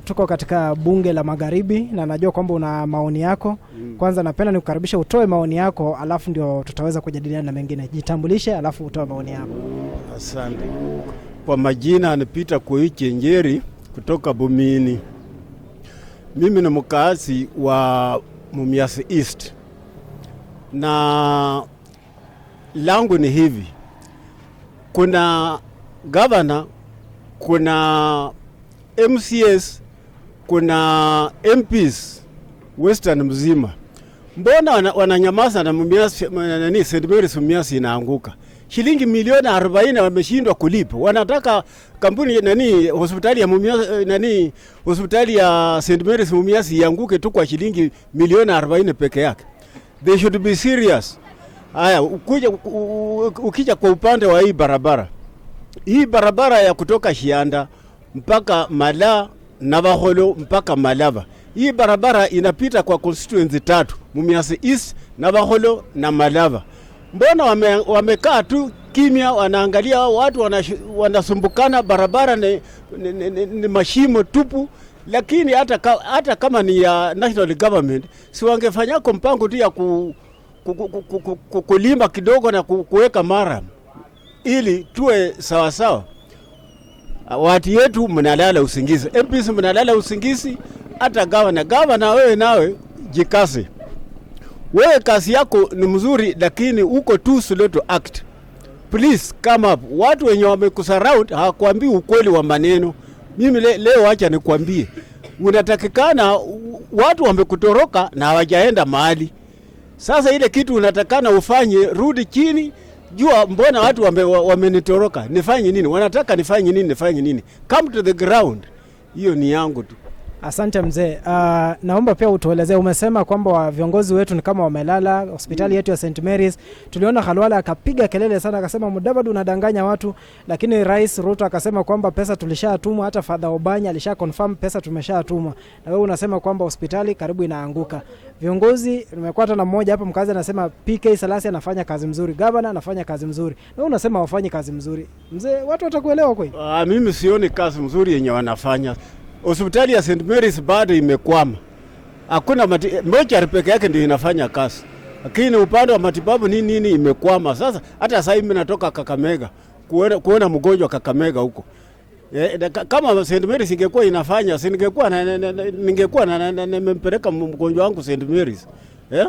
tuko katika bunge la Magharibi na najua kwamba una maoni yako. Mm. Kwanza napenda nikukaribisha utoe maoni yako, alafu ndio tutaweza kujadiliana na mengine. Jitambulishe alafu utoe maoni yako. Asante. Kwa majina anipita Koichi Njeri kutoka Bumini. Mimi ni mkazi wa mumiasi East na langu ni hivi, kuna gavana, kuna MCS kuna MPs Western mzima, mbona wananyamaza na nani? St Mary's Mumias inaanguka shilingi milioni 40 wameshindwa kulipa. Wanataka kampuni nani hospitali ya Mumias, nani hospitali ya St Mary's Mumias ianguke tu kwa shilingi milioni 40 peke yake. They should be serious. Haya, ukija ukija kwa upande wa hii barabara, hii barabara ya kutoka Shianda mpaka Mala na Vaholo mpaka Malava. Hii barabara inapita kwa constituency tatu, mumiasi East na Vaholo na Malava. Mbona wame, wamekaa tu kimya, wanaangalia watu wanasumbukana, barabara ni, ni, ni, ni mashimo tupu. Lakini hata, ka, hata kama ni ya national government si wangefanyako mpango tu ya ku, ku, ku, ku, ku, kulima kidogo na ku, kuweka mara ili tuwe sawasawa sawa. Uh, wati yetu mnalala usingizi, MPs mnalala usingizi, hata gavana. Gavana wewe nawe jikase, wewe kazi yako ni mzuri, lakini uko too slow to act. Please come up. Watu wenye wamekusurround hawakuambii ukweli wa maneno. Mimi le, leo acha nikwambie, unatakikana watu wamekutoroka na hawajaenda mahali. Sasa ile kitu unatakana ufanye, rudi chini jua mbona watu wamenitoroka, wame nifanye nini? Wanataka nifanye nini? Nifanye nini? Come to the ground. Hiyo ni yangu tu. Asante mzee. Uh, naomba pia utuelezee, umesema kwamba viongozi wetu ni kama wamelala. Hospitali mm. yetu ya St Mary's tuliona halwala akapiga kelele sana, akasema Mudavadi unadanganya watu, lakini Rais Ruto akasema kwamba pesa tulishatumwa. Hata Fadha Obanya alisha pesa tumeshatumwa, na wewe unasema kwamba hospitali karibu inaanguka. Viongozi nimekwata na mmoja hapa mkazi anasema PK Salasi anafanya kazi mzuri, gavana anafanya kazi mzuri. Wewe unasema wafanye kazi mzuri. Mzee, watu watakuelewa kweli? Ah, mimi sioni kazi mzuri yenye wanafanya. Hospitali ya St Mary's bado imekwama. Hakuna moja peke yake ndio inafanya kazi. Lakini upande wa matibabu nini nini imekwama. Sasa hata sasa hivi mimi natoka Kakamega kuona, kuona mgonjwa Kakamega huko. Eh, eh, kama St. Mary's singekuwa inafanya singekuwa ningekuwa nimempeleka mgonjwa wangu St. Mary's eh?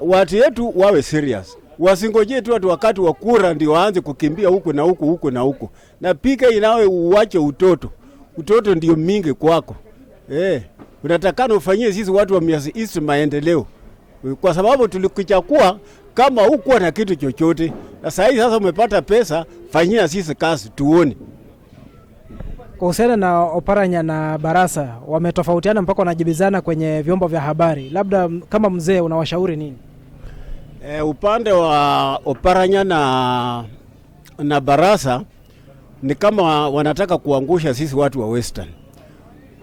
Watu yetu wawe serious, wasingojee tu watu wakati wa kura ndio waanze kukimbia huku na huku huku na huku na pika inawe, uwache utoto. Utoto ndio mingi kwako eh. Unatakana ufanyie sisi watu wa Mias East maendeleo, kwa sababu tulikichakua kama hukuwa na kitu chochote, na sasa hivi sasa umepata pesa, fanyia sisi kazi tuone kuhusiana na Oparanya na Barasa wametofautiana mpaka wanajibizana kwenye vyombo vya habari, labda kama mzee unawashauri nini? E, upande wa Oparanya na, na Barasa ni kama wanataka kuangusha sisi watu wa Western.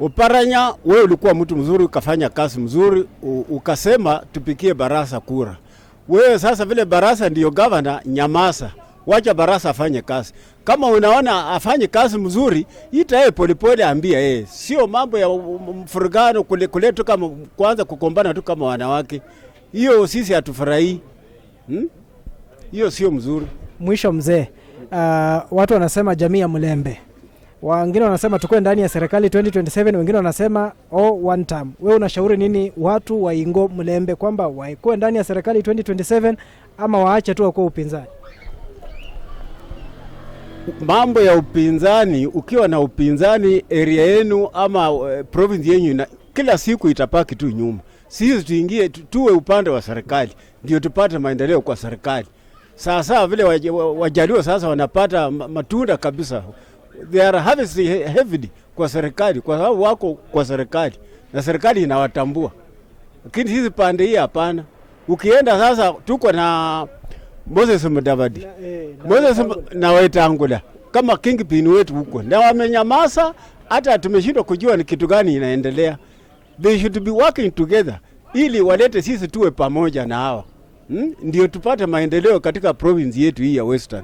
Oparanya, wewe ulikuwa mtu mzuri, ukafanya kazi mzuri, ukasema tupikie Barasa kura. Wewe sasa vile Barasa ndiyo gavana, nyamasa wacha Barasa afanye kazi. Kama unaona afanye kazi mzuri, ita yeye polepole, ambia yeye, eh, sio mambo ya mfurugano kule kule tu, kama kwanza kukombana tu kama wanawake. Hiyo sisi hatufurahii hmm? hiyo, hmm? Sio mzuri. Mwisho mzee, uh, watu wanasema jamii ya mlembe wengine wanasema tukue ndani ya serikali 2027 wengine wanasema oh, one term. Wewe unashauri nini watu waingo mlembe kwamba waikuwe ndani ya serikali 2027 ama waache tu wakuwa upinzani? mambo ya upinzani. Ukiwa na upinzani area yenu ama uh, province yenyu ina, kila siku itapaki tu nyuma. Sisi tuingie tuwe upande wa serikali ndio tupate maendeleo kwa serikali. Sasa vile Wajaluo sasa wanapata matunda kabisa, they are harvest heavily kwa serikali, kwa sababu wako kwa serikali na serikali inawatambua. Lakini hizi pande hii hapana. Ukienda sasa, tuko na Moses Mudavadi, eh, Moses na Wetangula kama kingpin wetu huko, na wamenyamaza, hata tumeshindwa kujua ni kitu gani inaendelea. They should be working together ili walete sisi tuwe pamoja na hawa hmm, ndio tupate maendeleo katika province yetu hii ya Western.